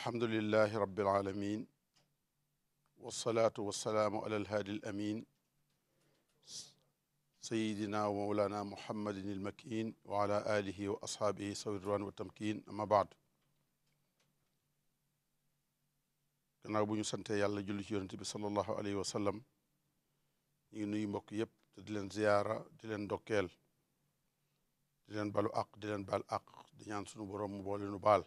alhamdulilahi rabbil alamin wasalaatu wasalaamu ala alhaadi alamin sayidina wa mawlana muhammadin almakin wa ala alihi wa ashaabihi sawi ridwaan wa tamkin amma baad gannaaw bu ñu sante yàlla julli ci yonente bi salallahu alayhi wa sallam ñu ngi nuyu mbokk yépp te di leen ziyaara di leen ndokkeel di leen balu aq di leen baal aq di ñaan sunu boroom mu boole nu baal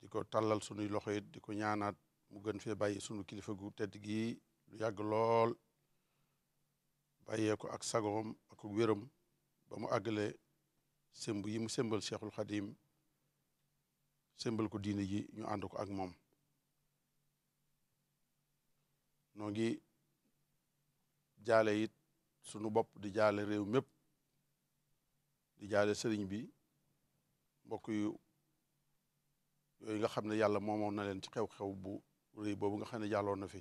di ko tàllal sunuy loxo it di ko ñaanaat mu gën fee bàyyi sunu kilifa gu tedd gi lu yàgg lool bàyyee ko ak sagoom ak wéram ba mu àggale semb yi mu sembal cheikhul xadim ko diine ji ñu ànd ko ak moom noo ngi jaale it sunu bopp di jaale réew mépp di jaale sëriñ bi mbokk yu yooyu nga xam ne yàlla moomoon na leen ci xew-xew bu rëy boobu nga xam ne jàlloon na fi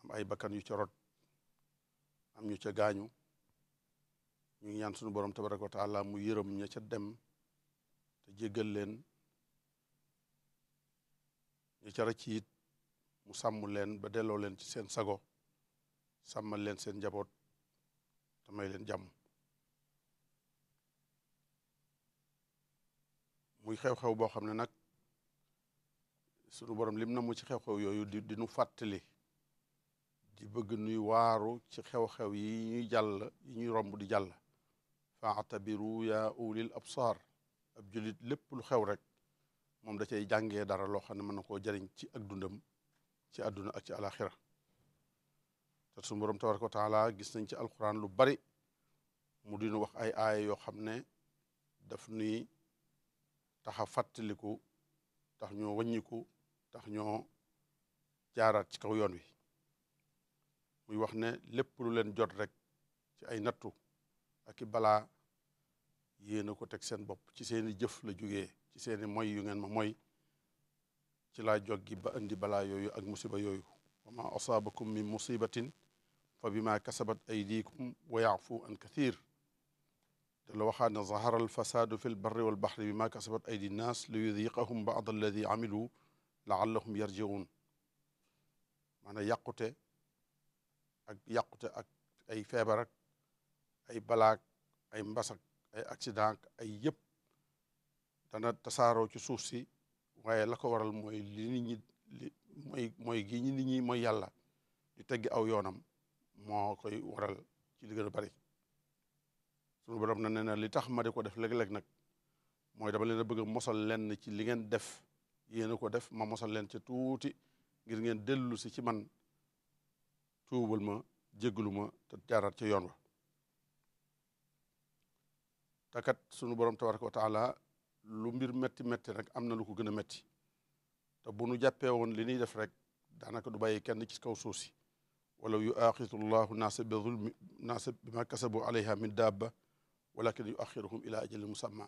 am ay bakkan yu ca am ñu ca gaañu ñu ngi ñaan suñu borom tabaraka wa taala mu yërëm ña ca dem te jéggal leen ña ca rëcc it mu sàmm leen ba delloo leen ci seen sago sàmmal leen seen njaboot te may leen jàmm muy xew-xew boo xam ne nag sunu borom lim na mu ci xew-xew yooyu di di nu fàttali di bëgg nuy waaru ci xew-xew yi ñuy jàll yi ñuy romb di jàll faatabiru yaa ulil absar ab julit lépp lu xew rek moom da cay jàngee dara loo xam ne mën na koo jariñ ci ak dundam ci àdduna ak ci alaxira te suñu borom tabaraka wa taala gis nañ ci alquran lu bari mu dinu wax ay aaya yoo xam ne daf nuy tax a fàttaliku tax ñoo wàññiku tax ñoo jaaraat ci kaw yoon wi muy wax ne lépp lu leen jot rek ci ay nattu aki i balaa yéen a ko teg seen bopp ci seeni jëf la jógee ci seeni moy yu ngeen ma moy ci laa joggi ba indi balaa yooyu ak musiba yooyu wa ma asaabakum min musibatin fa bima kasabat aydikum wa yaafu an kathir te la waxaat ne zahara alfasaadu fi lbarri walbaxri bi ma kasabat aydi nnaas li yudiqahum baad alladi amilu laallahum yarjiun maanaam yàqute ak yàqute ak ay feebar ak ay balaak ay mbasak ay accident ay yëpp dana tasaaroo ci suuf si waaye la ko waral mooy li nit ñi li mooy mooy gi ñi nit ñi mooy yàlla di teggi aw yoonam moo koy waral ci li gën a bari suñu borom na nee na li tax ma di ko def léeg-léeg nag mooy dama leen a bëgg mosal leen ci li ngeen def yéen a ko def ma mosal leen ci tuuti ngir ngeen dellu si ci man tuubal ma jéggalu ma te jaaraat ci yoon wa takat sunu borom tabaraka wa taala lu mbir metti metti rek am na lu ko gën a metti te bu nu jàppee woon li ñuy def rek daanaka du bàyyi kenn ci kaw suuf si walaw yuaxitu llahu naasa bi zulmi naasa bima kasabu alayha min daaba walakin yuaxiruhum ila ajalin musamma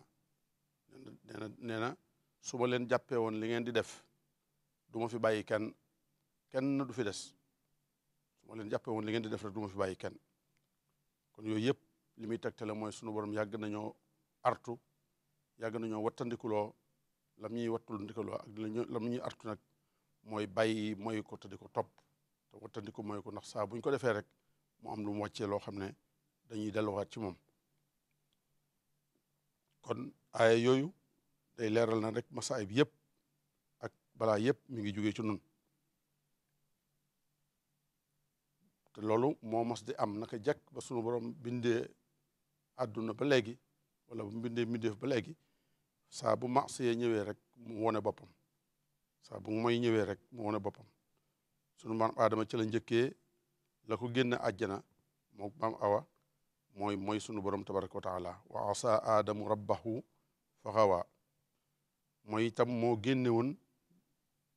nee na nee na su ma leen jàppee woon li ngeen di def du ma fi bàyyi kenn kenn du fi des suma leen jàppee woon li ngeen di def rek du ma fi bàyyi kenn kon yooyu yëpp li muy tegtale mooy sunu borom yàgg nañoo artu yàgg nañoo wattandikuloo lam ñuy wattul ndikaloo ak lam ñuy artu nag mooy bàyyi mooy ko te di ko topp te wattandiku mooy ko ndax saa buñ ko defee rek moo am lu mu loo xam ne dañuy delluwaat ci moom kon aaya yooyu day leeral na rek masaay bi yëpp ak balaa yëpp mi ngi jugee ci nun te loolu moo mos di am naka jekk ba sunu borom bindee àdduna ba léegi wala bu bindee mbindeef ba léegi saa bu yee ñëwee rek mu wone boppam saa bu mooy ñëwee rek mu wone boppam sunu maam aadama ci la njëkkee la ko génn àjjana moom maam awa mooy mooy sunu borom tabaraka wa taala wa aadamu rabbahu fa xawa mooy itam moo génne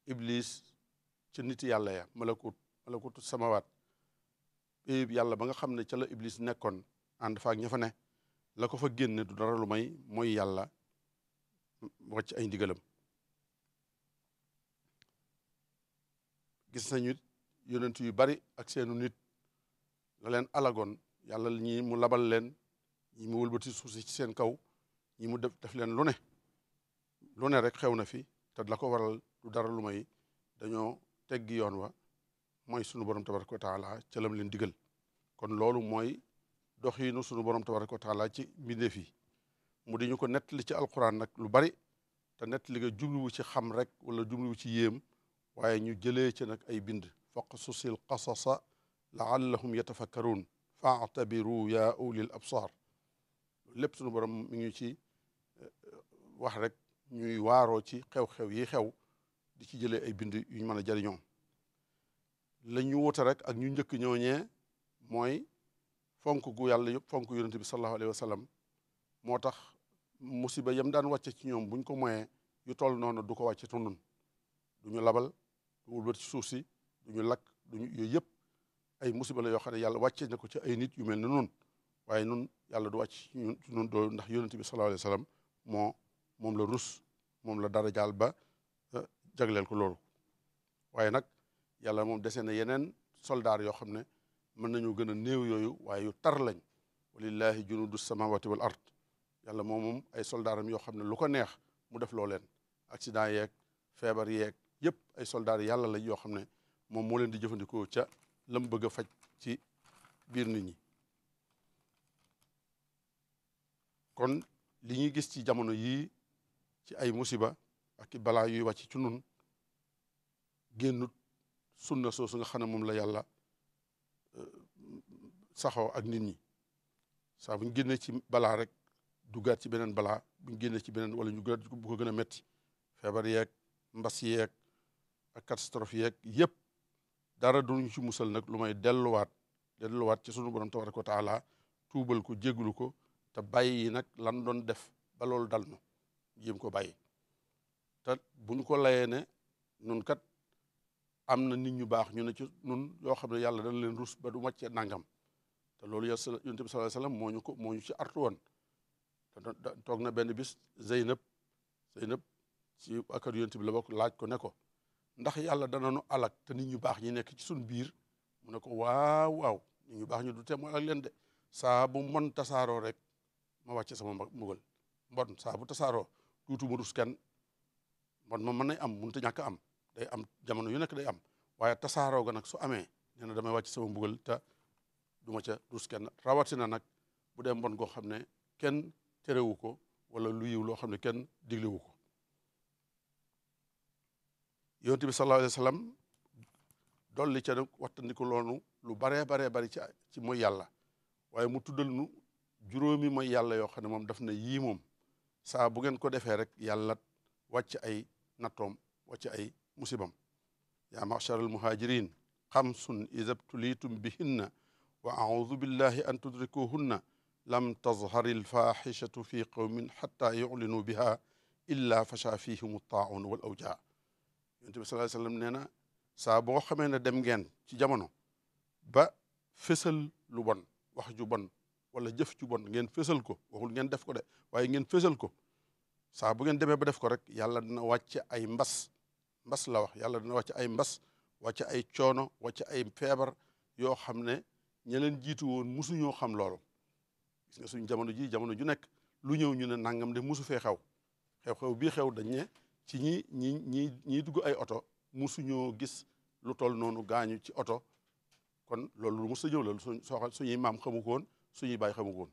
iblis ci nit yàlla ya malakut malakutu samawaat péyib yàlla ba nga xam ne ca la iblis nekkoon ànd faak ña fa ne la ko fa génne du dara lu may mooy yàlla wàcc ay ndigalam gis nañu yonent yu bari ak seenu nit laleen alagon yàlla ñi mu labal leen ñi mu wëlbati suuf ci seen kaw ñi mu def def leen lu ne lu ne rek xew na fi te la ko waral du dara lu may dañoo teggi yoon wa mooy sunu borom tabaraka wa taala ca lam leen digal kon loolu mooy doxiinu sunu borom tabaraka wa taala ci mbindeef yi mu di ñu ko nettali ci alquran nag lu bari te nettali nga jubluwu ci xam rek wala jubluwu ci yéem waaye ñu jëlee ci nag ay bind faqsusil qasasa laallahum yatafakkaruun faatabiru ya ulil absar lépp sunu borom mi ngi ci eh, wax rek ñuy waaroo ci xew-xew yi xew di ci jëlee ay bind yu ñu mën a jëriñoo la ñu wuute rek ak ñu njëkk ñooñee mooy fonk gu yàlla yëpp fonk yonente bi sallallahu alayhi wa sallam moo tax musiba yam daan wàcce ci ñoom buñ ko moyee yu toll noonu du ko wàcce tundun du ñu labal du wulbat ci suuf si du ñu lakk duñu yooyu yëpp ay musiba la yoo xam ne yàlla wàcce na ko ci ay nit yu mel ne noonu waaye nun yàlla du wàcc ñun nun doo ndax yonent bi sallallahu alayhi wa moo moom la rus moom la dara jaal ba eh, jagleel ko loolu waaye nag yàlla moom deseen na yeneen soldaar yoo xam ne mën nañu gën a néew yooyu waaye yu tar lañ walillahi junudu samawati wal ard yàlla moom moom ay soldaaram yoo xam ne lu ko neex mu def loo leen accident yeeg feebar yeeg yëpp ay soldaar yàlla lañ yoo xam ne moom moo leen la mu bëgg a faj ci biir nit ñi kon li ñuy gis ci jamono yii ci ay musiba ak i balaa yuy wàcc ci nun génnut sunna soosu nga xam ne moom la yàlla euh, saxoo ak nit ñi saa bu ñu ci balaa rek duggaat ci beneen balaa bu ñu génnee ci beneen wala ñu gën bu ko gën a metti feebar yeeg mbas yeeg ak catastrophe yeeg yëpp dara duñu ci musal nag lu may delluwaat delluwaat ci sunu borom tabaraka wa taala tuubal ko jéglu ko te bàyyi nag lan doon def ba loolu dal nu jéem ko bayi te buñ ko layee ne nun kat am na nit ñu baax ñu ne ci nun yoo xam ne yàlla dana leen rus ba du wàccee nangam te loolu ya yonent bi sallallahu moo ñu ko moo ñu ci artu woon toog na benn bis Zeynab Zeynab ci akar yonent bi la bokk laaj ko ne ko ndax yàlla danañu alak te nit ñu baax ñi nekk ci suñu biir mu ne ko waaw waaw nit ñu baax ñu du te mu alak leen de saa bu mbon tasaaroo rek ma wàcce sama mbugal mbon saa bu tasaaroo tuutu ma rus kenn mbon ma mën nay am mënut a ñàkk am day am jamono yu nekk day am waaye tasaaroo ga nag su amee nee na damay wàcc sama mbugal ta du ma ca rus kenn rawatina nag bu dee mbon goo xam ne kenn terewu ko wala lu yiw loo xam ne kenn diglewu ko yonent bi sallallahu alayhi wa sallam dolli ca nag wattandiku loonu lu baree baree bari ci ci mooy yàlla waaye mu tuddal nu juróomi mooy yàlla yoo xam ne moom daf na yii moom saa bu ngeen ko defee rek yàlla wàcc ay nattoom wàcc ay musibam yaa masharal muhajirin xamsun idabtulitum bihinna wa audu billahi an tudrikuhunna lam tazhari alfaxishatu fi qawmin xata yuclinuu biha illa fasha fihim altaaun wal awjaa yonent bi sallallahu alayhi wasallam na saa boo xamee ne dem ngeen ci jamono ba fésal lu bon wax ju bon wala jëf ju bon ngeen fésal ko waxul ngeen def ko de waaye ngeen fésal ko saa bu ngeen demee ba def ko rek yàlla dina wàcce ay mbas mbas la wax yàlla dina wàcce ay mbas wàcce ay coono wàcce ay feebar yoo xam ne ña leen jiitu woon musuñoo xam loolu gis nga suñ jamono ji jamono ju nekk lu ñëw ñu ne nangam de musu fee xew xew-xew bii xew dañ ci ñi ñi ñi ñiy dugg ay oto musuñoo gis lu tol noonu gaañu ci oto kon loolu lu mos a ñëw la suñuy maam xamu ko woon suñuy baay xamu ko woon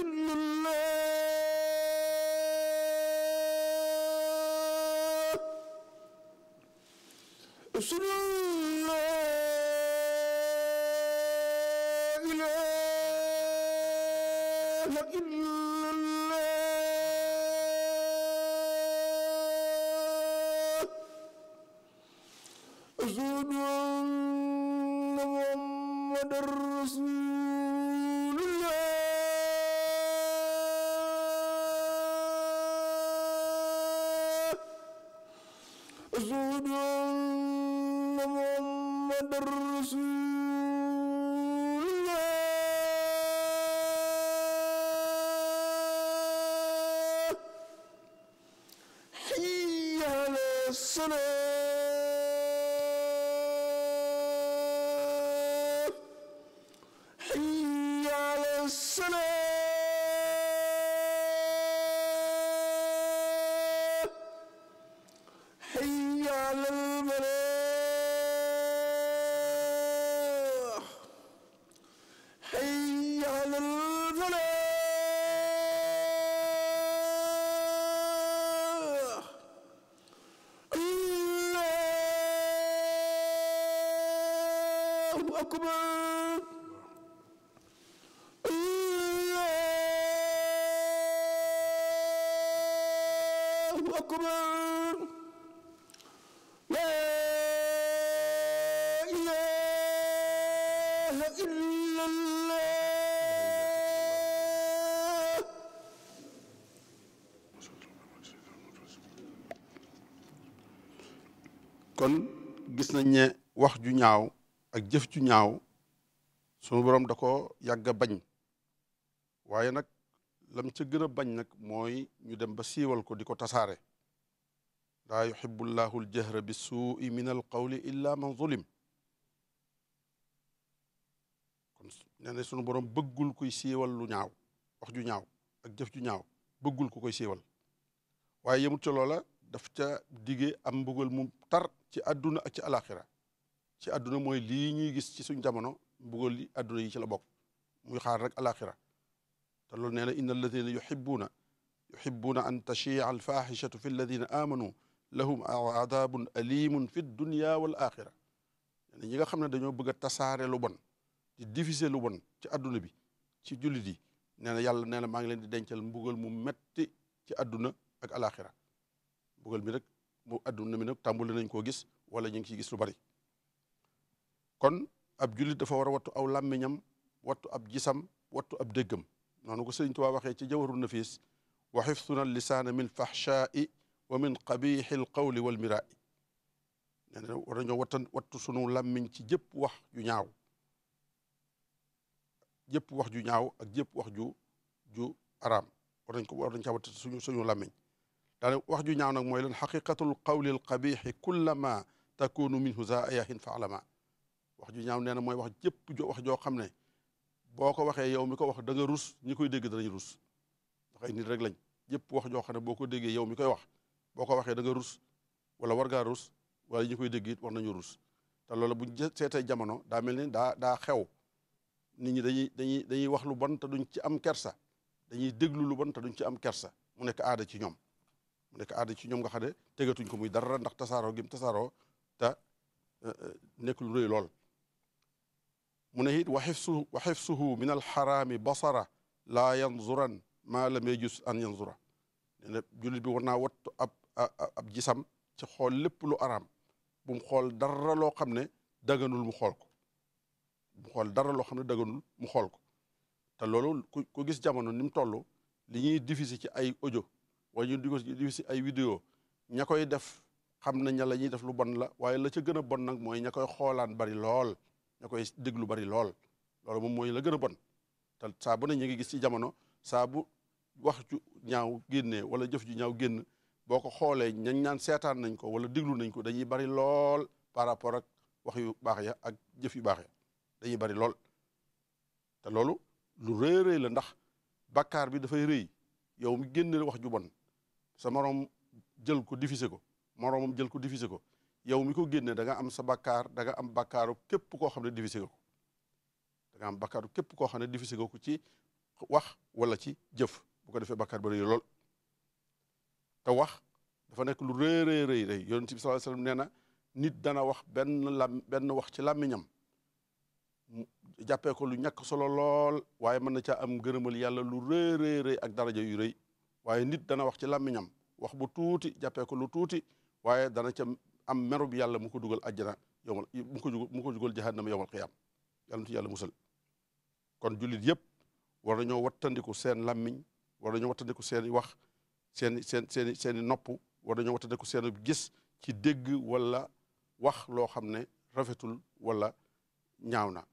الله الله أكبر الله أكبر لا إله إلا الله kon gis nañ ne wax ju ñaaw ak jëf ju ñaaw sunu borom da ko yàgg bañ waaye nag lam ca gën a bañ nag mooy ñu dem ba siiwal ko di ko tasaare laa yuxibu llahu aljahra bisuui min alqawli illa man zulim kon nee sunu borom bëggul ko siiwal lu ñaaw wax ju ñaaw ak jëf ju ñaaw bëggul ko ko siiwal waaye yemut ca loola daf ca digge am mu tar ci àdduna ak ci alaxira ci àdduna mooy lii ñuy gis ci suñ jamono mbugal li àdduna yi ci la bokk muy xaar rek alaxira te loolu nee na inna alladina yuhibuuna yuhibuuna an tachia alfaxishatu fi alladina amanu lahum adabun alimun fi dunya wal axira ñi nga xam ne dañoo bëgg a tasaare bon di diffuser lu bon ci àdduna bi ci jullit yi nee na yàlla nee na maa ngi leen di dencal mbugal mu metti ci àdduna ak alaxira mbugal mi nag mu àdduna mi nag tàmbali nañ koo gis wala ñu ngi ciy gis lu bari kon ab julit dafa war a wattu aw làmmiñam wattu ab gisam wattu ab déggam noonu ko sëriñ Tuubaa waxee ci jawaru nafiis wa xifsuna al lisaana min fahshaai wa min qabixi l qawli wal miraa nee na war nañoo wattan wattu sunu làmmiñ ci jëpp wax ju ñaaw jëpp wax ju ñaaw ak jëpp wax ju ju araam war nañ ko war nañ caa watt suñu làmmiñ daane wax ju ñaaw nag mooy lan xaqiqatul qawli al qabixi kullama takunu minhu zaayahin fa alama wax ju ñaaw nee na mooy wax jëpp wax joo xam ne boo ko waxee yow mi ko wax danga rus ñi koy dégg danañ rus ndax ay nit rek lañ jëpp wax joo xam ne boo ko déggee yow mi koy wax boo ko waxee da nga rus wala war ngaa rus wala ñi koy dégg war nañu rus te loolu buñ seetee jamono daa mel ni daa daa xew nit ñi dañuy dañuy dañuy wax lu bon te duñ ci am kersa dañuy déglu lu bon te duñ ci am kersa mu nekk aada ci ñoom mu nekk aada ci ñoom nga xam ne tegatuñ ko muy dara ndax tasaaroo gim tasaaroo ta euh, euh, nekk lu rëy lool mu ne it wa xifsuhu wa xifsuhu min alxaraami basara laa yanzuran maa la yajus an yanzura nee na jullit bi war naa wattu ab jisam ci xool lépp lu araam bu mu xool dara loo xam ne daganul mu xool ko mu xool dara loo xam ne daganul mu xool ko te loolu ku ku gis jamono ni mu toll li ñuy diffuser ci ay ojo wala ñu di si diffuser ay vidéo ña koy def xam nañ ne la ñuy def lu bon la waaye la ca gën a bon nag mooy ña koy xoolaan bari lool ña koy déglu bari lool loolu moom mooy la gën a bon te saa bu ne ngi gis ci jamono saa bu wax ju ñaaw génnee wala jëf ju ñaaw génn boo ko xoolee ñañ naan seetaan nañ ko wala déglu nañ ko dañuy bari lool par rapport ak wax yu baax ya ak jëf yu baax ya dañuy bari lool te loolu lu rëy rëy la ndax bakaar bi dafay rëy yow mi génne wax ju bon sa moroom jël ko diffusé ko moroomam jël ko diffusé ko yow mi ko génne da am sa bakkaar da am bakkaaru képp koo xam ne divisé nga ko da nga am bakkaaru képp koo xam ne divisé nga ko ci wax wala ci jëf bu ko defee bakkaar ba rëy lool ta wax dafa nekk lu rëy rëy rëy rëy yonent bi sallallahu alayhi wasallam nee na nit dana wax benn lam benn wax ci làmmiñam jàppee ko lu ñàkk solo lool waaye mën na caa am gërëmal yàlla lu rëy rëy rëy ak daraja yu rëy waaye nit dana wax ci làmmiñam wax bu tuuti jàppee lu tuuti waaye dana ca am merub yàlla mu ko dugal ajjana yowmal mu ko mu ko dugal jahannama yowmal qiyaam yàlla na ci yàlla musal kon jullit yëpp war ñoo wattandiku seen làmmiñ war nañoo wattandiku seen i wax seen i seen seen i seen i nopp war nañoo wattandiku seen gis ci dégg wala wax loo xam ne rafetul walla ñaaw na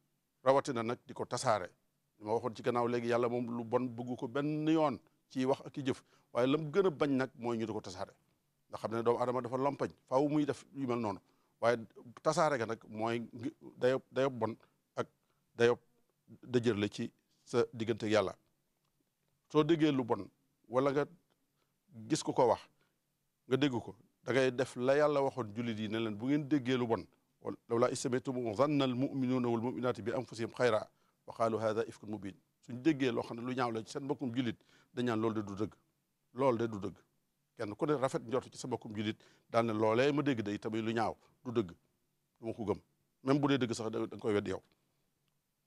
rawatina nag di ko tasaare li ma waxoon ci gannaaw léegi yàlla moom lu bon bëggu ko benn yoon ci wax ak i jëf waaye lam gën a bañ nag mooy ñu di ko tasaare nga xam ne doomu adama dafa lompañ faaw muy def yu mel noonu waaye tasaare ga nag mooy dayob dayob bon ak da dëjër la ci sa diggante yàlla soo déggee lu bon wala nga gis ku ko wax ga dégg ko da ngay def la yalla waxoon jullit yi ne leen bu ngeen déggee lu bon lawlaa istamitumu zanna al muminuuna wal muminaati bi anfusihim xayra wa qaalu haada ifkun mubin suñ déggee loo xam ne lu ñaaw la ci seen mbokkum jullit dañaan loolu de du dëgg loolu de du dëgg kenn ku ne rafet njort ci sa bokkum julit daal ne loolee ma dégg day tamit lu ñaaw du dëgg duma ko gëm même bu dee dëgg sax da ko koy wedd yow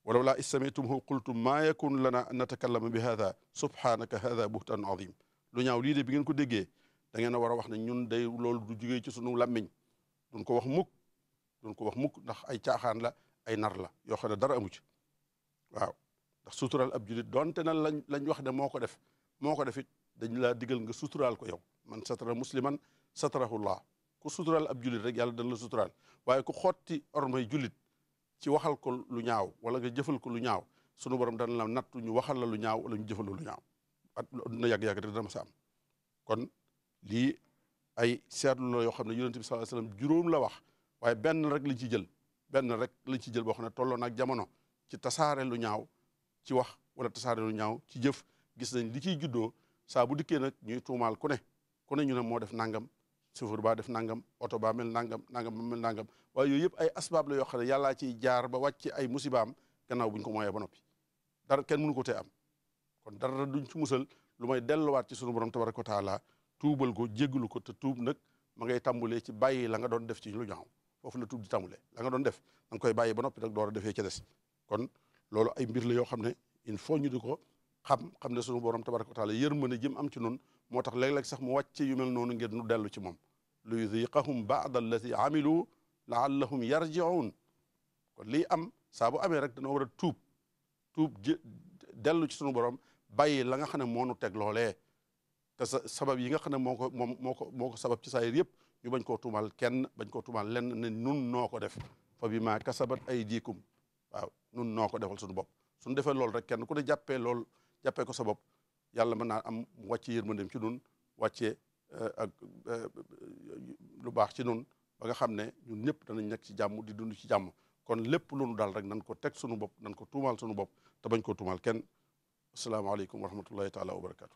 walaw laa istamitumhu qultum maa yakun lana an natakallama bi hadha subhanaka hadha buhtan azim lu ñaaw lii de bi ngeen ko déggee da ngeen a war a wax ne ñun day loolu du jugee ci sunu làmmiñ duñ ko wax muk duñ ko wax mukk ndax ay caaxaan la ay nar la yoo xam ne dara amu ci waaw ndax suturaal ab julit donte na lañ lañ wax ne moo ko def moo ko def it dañ laa digal nga suturaal ko yow man satara musliman satarahullah ku suturaal ab jullit rek yàlla dana la suturaal waaye ku xotti ormay jullit ci waxal ko lu ñaaw wala nga jëfal ko lu ñaaw sunu borom dana la nattu ñu waxal la lu ñaaw wala ñu jëfal la lu ñaaw at dina yàgg-yàgg te dana ma sa am kon lii ay seetlu la yoo xam ne yonente bi sallallahu alayhi juróom la wax waaye benn rek lañ ci jël benn rek lañ ci jël boo xam ne tolloo nag jamono ci tasaare lu ñaaw ci wax wala tasaare lu ñaaw ci jëf gis nañ li ciy juddoo saa bu dikkee nag ñuy tuumaal ku ne kon ne ñu ne moo def nangam sufur baa def nangam oto ba mel nangam nangam ba mel nangam waaye yooyu yëpp ay asbaab la yoo xam ne yàllaa ciy jaar ba wàcc ay musibaam a buñ ko mooyee ba noppi dara kenn mënu ko tee am kon dara duñ ci musal lu may delluwaat ci sunu borom tabaraka wa taala tuubal ko jéggalu ko te nag ma ngay tàmbulee ci bàyyi la nga doon def ci lu ñaaw foofu la tuub di tàmbulee la nga doon def da koy bàyyi ba noppi nag door a defee ca kon loolu ay mbir la yoo xam ne il faut ñu di ko xam xam ne sunu borom tabaraka wa taala yërmande jëm am ci noonu moo tax léeg-léeg sax mu wàcce yu mel noonu ngeen nu dellu ci moom lu yudiqahum baada alladi amilu laallahum yarjiun kon lii am saa bu amee rek dana war a tuub tuub dellu ci sunu borom bàyyi la nga xam ne moo nu teg loolee sa sabab yi nga xam ne moo ko moom moo ko moo ko sabab ci saayir yëpp ñu bañ koo tuumal kenn bañ ko tuumal lenn ne nun noo ko def fa bi maa kasabat aydikum waaw nun noo ko defal suñu bopp suñu defee loolu rek kenn ku ne jàppee loolu jàppee ko sa bopp yàlla mën naa am wàcce yërmandeem ci nun wàcce eh, ak eh, lu baax ci nun ba nga xam ne ñun ñëpp danañ nekk ci jàmm di dund ci jàmm kon lépp lu nu daal rek nan ko teg sunu bopp nan ko tuumaal sunu bopp te bañ ko tuumaal kenn asalaamaaleykum wa rahmatullahi taala wa barakatu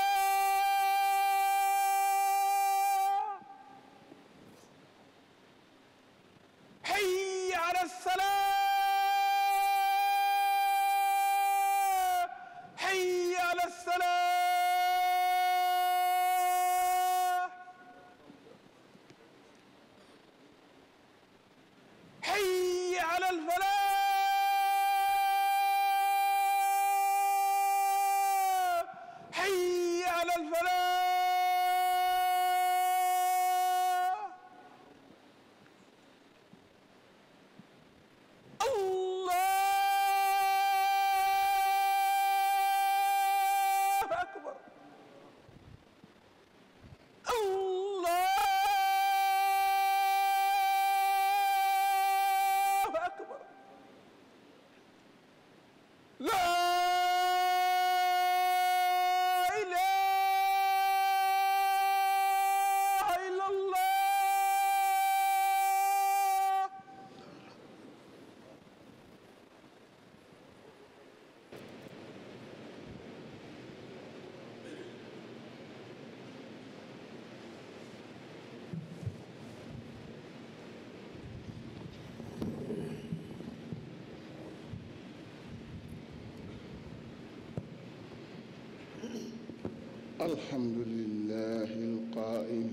الحمد لله القائم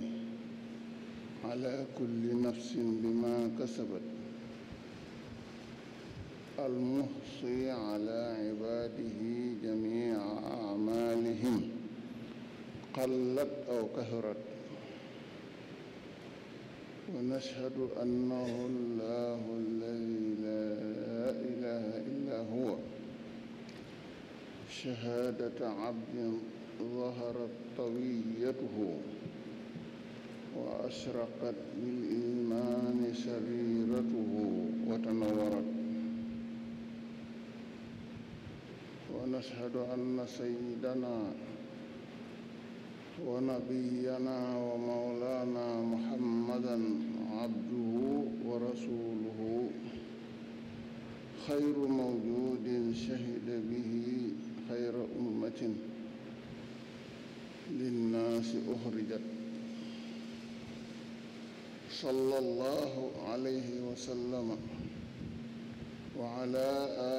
على كل نفس بما كسبت المحصي على عباده جميع أعمالهم قلت أو كثرت ونشهد أنه الله الذي لا إله إلا هو شهادة عبد ظهرت طويته وأشرقت بالإيمان سريرته وتنورت ونشهد أن سيدنا ونبينا ومولانا محمدا عبده ورسوله خير موجود شهد به خير أمة linnaasi uxrijat sallallahu alayhi wa sallama wa ala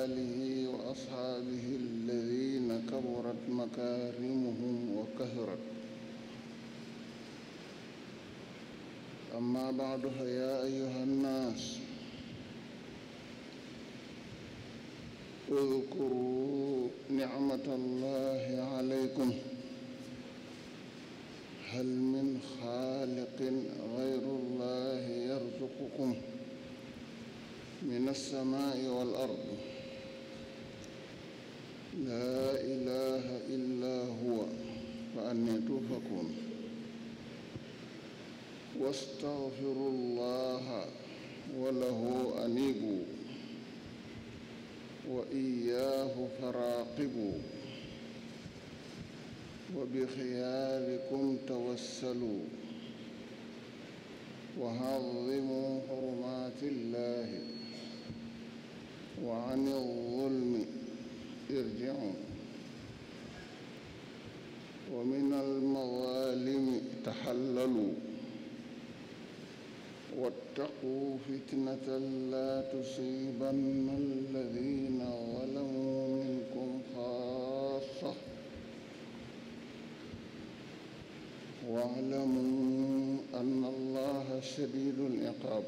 aalihi wa asxaabihi alladiina kaburat makaarimuhum wa kathurat amma ba'du fa yaa ayyuha nnaas udkuru nicmata llaahi alaykum hal min xaaliqin gayrullahi yarzuqukum min alsamaai wal ard laa ilaha illaa huwa fa anni tuufakuun wastaxfiru llaha wa lahu aniibu wa iyaahu faraaqibu وبخياركم توسلوا وعظموا حرمات الله وعن الظلم ارجعوا ومن المظالم تحللوا واتقوا فتنة لا تصيبن الذين ظلموا واعلموا أن الله شديد العقاب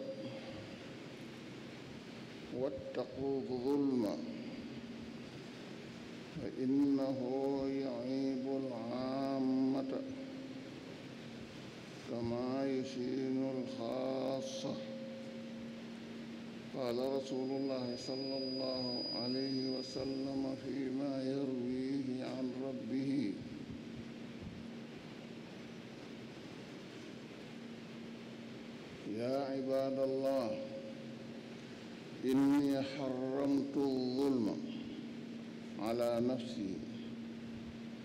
واتقوا الظلم فإنه يعيب العامة كما يشين الخاصة قال رسول الله صلى الله عليه وسلم فيما يرويه عن ربه يا عباد الله إني حرمت الظلم على نفسي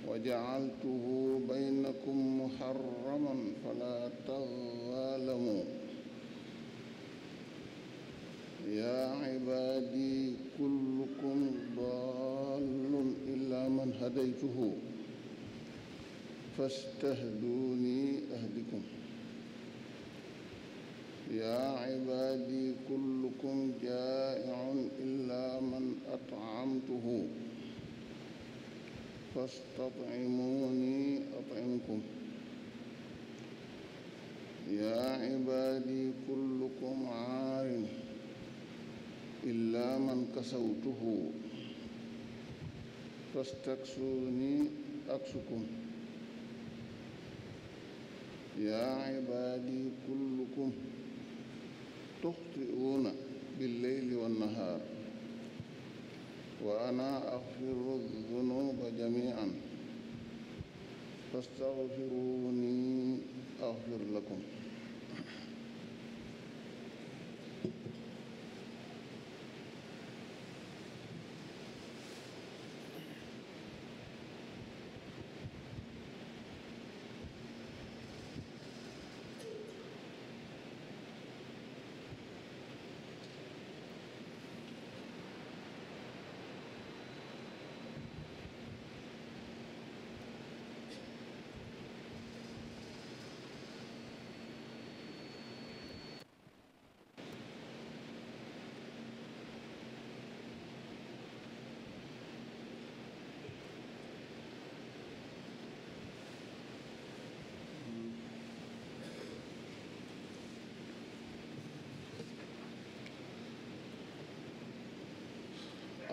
وجعلته بينكم محرما فلا تظالموا يا عبادي كلكم ضال إلا من هديته فاستهدوني أهدكم يا عبادي كلكم جائع إلا من أطعمته فاستطعموني أطعمكم يا عبادي كلكم عار إلا من كسوته فاستكسوني أكسكم يا عبادي كلكم تخطئون بالليل والنهار وأنا أغفر الذنوب جميعا فاستغفروني أغفر لكم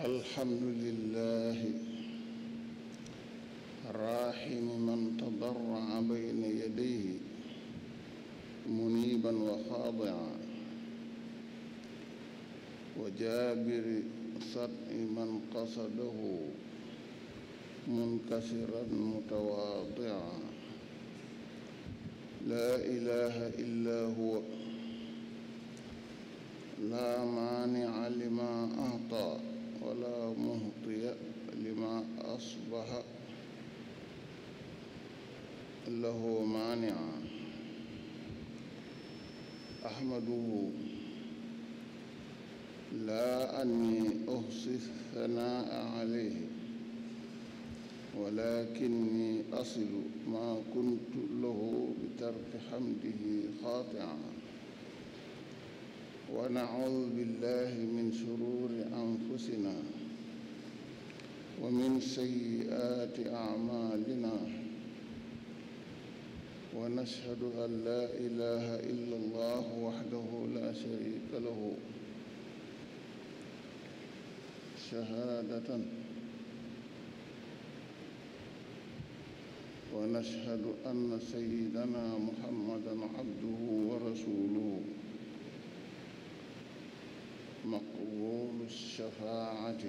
الحمد لله راحم من تضرع بين يديه منيبا وخاضعا وجابر صدع من قصده منكسرا متواضعا لا إله إلا هو لا مانع لما أعطى ولا مهطي لما أصبح له مانع أحمده لا أني أحصي الثناء عليه ولكني أصل ما كنت له بترك حمده قاطعا ونعوذ بالله من شرور أنفسنا ومن سيئات أعمالنا ونشهد أن لا إله إلا الله وحده لا شريك له شهادة ونشهد أن سيدنا محمدا عبده ورسوله مقبول الشفاعة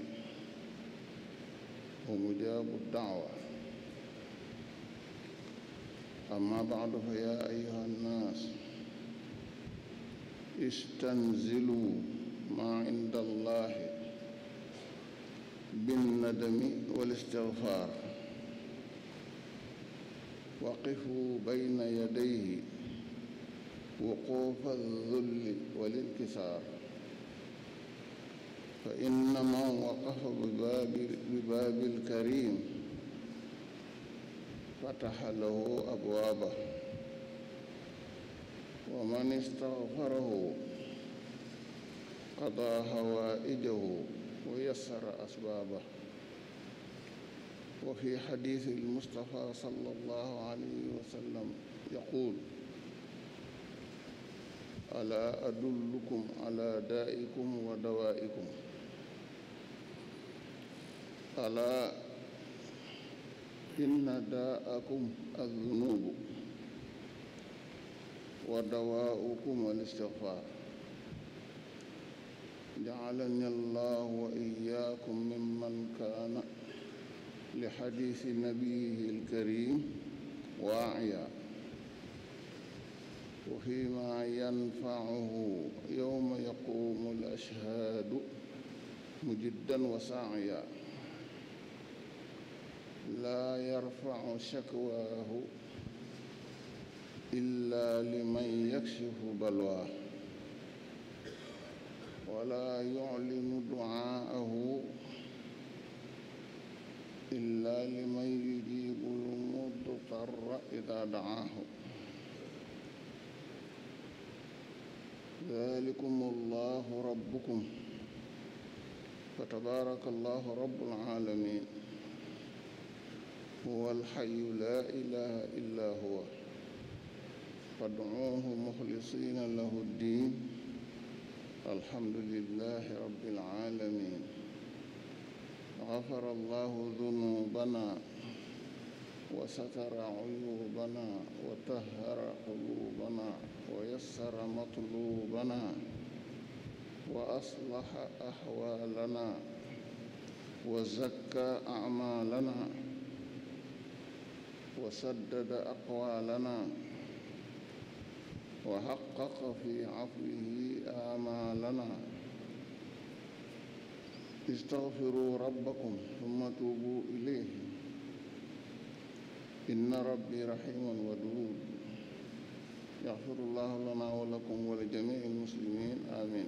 ومجاب الدعوة أما بعد فيا أيها الناس استنزلوا ما عند الله بالندم والاستغفار وقفوا بين يديه وقوف الذل والانكسار فإن من وقف بباب, بباب الكريم فتح له أبوابه ومن استغفره قضى هوائجه ويسر أسبابه وفي حديث المصطفى صلى الله عليه وسلم يقول ألا أدلكم على دائكم ودوائكم ألا إن داءكم الذنوب ودواؤكم الاستغفار جعلني الله وإياكم ممن كان لحديث نبيه الكريم واعيا وفيما ينفعه يوم يقوم الأشهاد مجدا وساعيا laa yarfacu shakwaahu illaa liman yakshifu balwaa walaa yuclinu ducaahu illaa liman yujiibu lmudtarra idaa dacaahu dalikum allahu rabbukum fa tabaaraka allahu rabbul caalamiin هو الحي لا إله إلا هو فادعوه مخلصين له الدين الحمد لله رب العالمين غفر الله ذنوبنا وستر عيوبنا وطهر قلوبنا ويسر مطلوبنا وأصلح أحوالنا وزكى أعمالنا وسدد أقوالنا وحقق في عفوه آمالنا استغفروا ربكم ثم توبوا إليه إن ربي رحيم ودود يغفر الله لنا ولكم ولجميع المسلمين آمين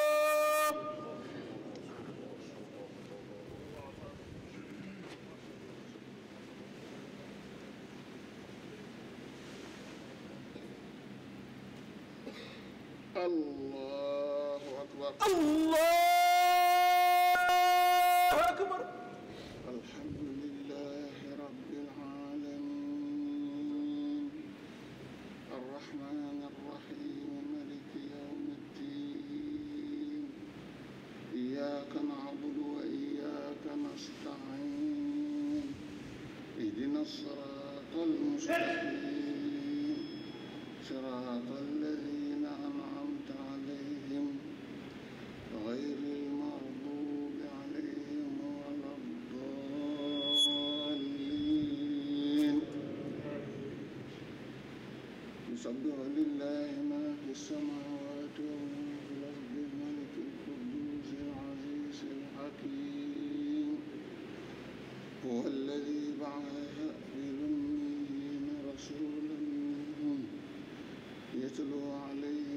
الله أكبر هو الذي بعث في الأميين رسولا منهم يتلو عليهم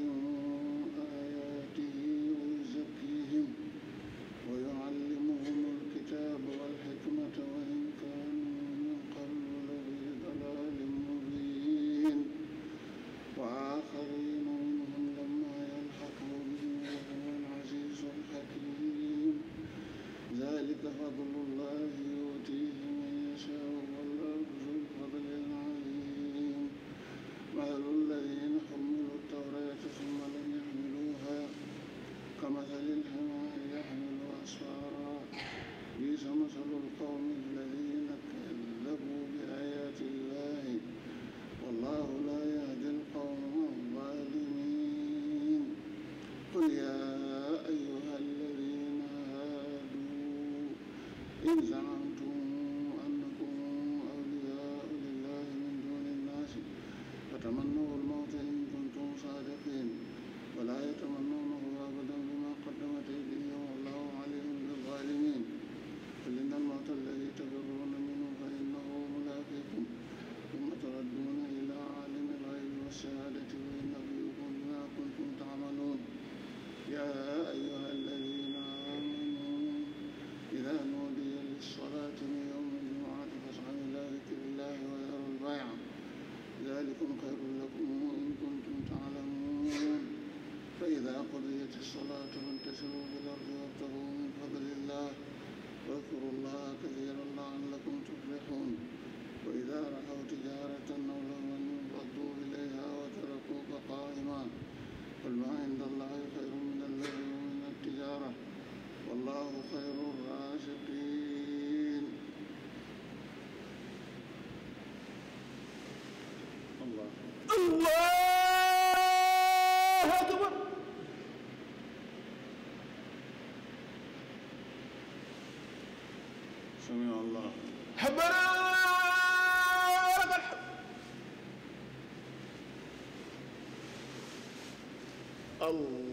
الله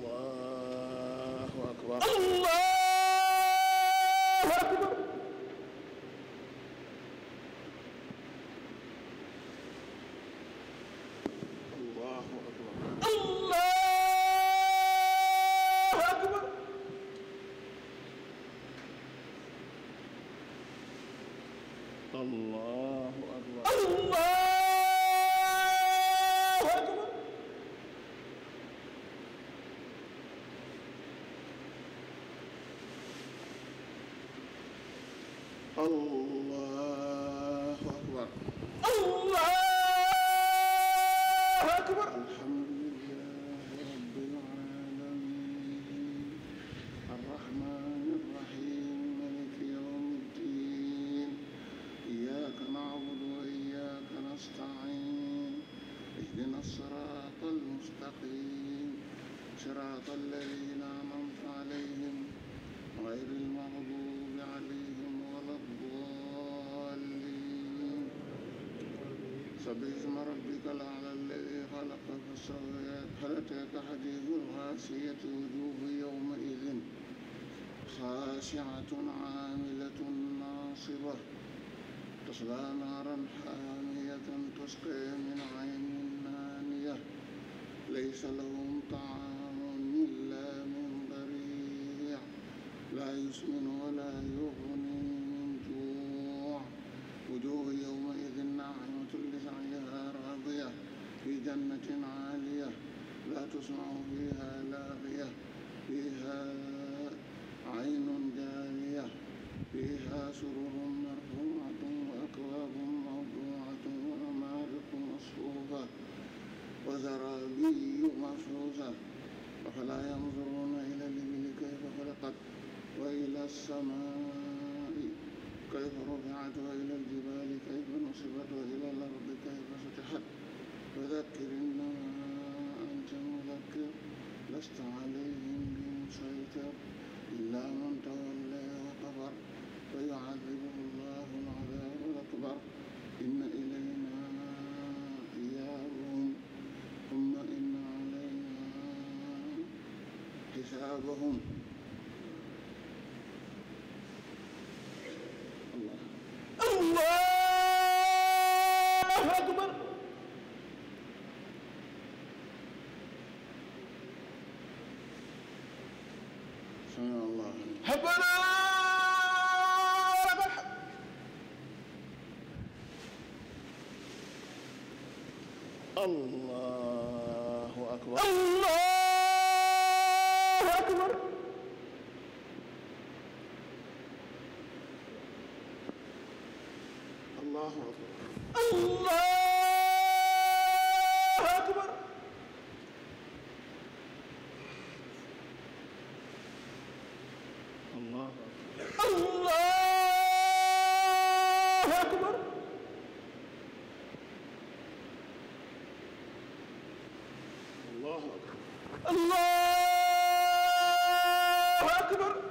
الله أكبر الرحمن الرحيم ملك يوم الدين إياك نعبد وإياك نستعين اهدنا الصراط المستقيم صراط الذين أنعمت عليهم غير المغضوب عليهم ولا الضالين سبح والمستغفرات فأتاك حديث الغاشية وجوه يومئذ خاشعة عاملة ناصبة تصلى نارا حامية تسقي من عين آنية ليس لهم طعام إلا من ضريع لا يسمن ولا يغني من جوع وجوه يومئذ ناعمة لسعيها راضية في جنة تسمع فيها لاغية فيها عين جارية فيها سرر مرفوعة وأكواب موضوعة وأمارق مصفوفة وزرابي مبثوثة أفلا ينظرون إلى الإبل كيف خلقت وإلى السماء كيف رفعت وإلى الجبال كيف نصبت وإلى الأرض كيف سطحت فذكر بعضهم الله الله أكبر سمع الله هبنا الله akbar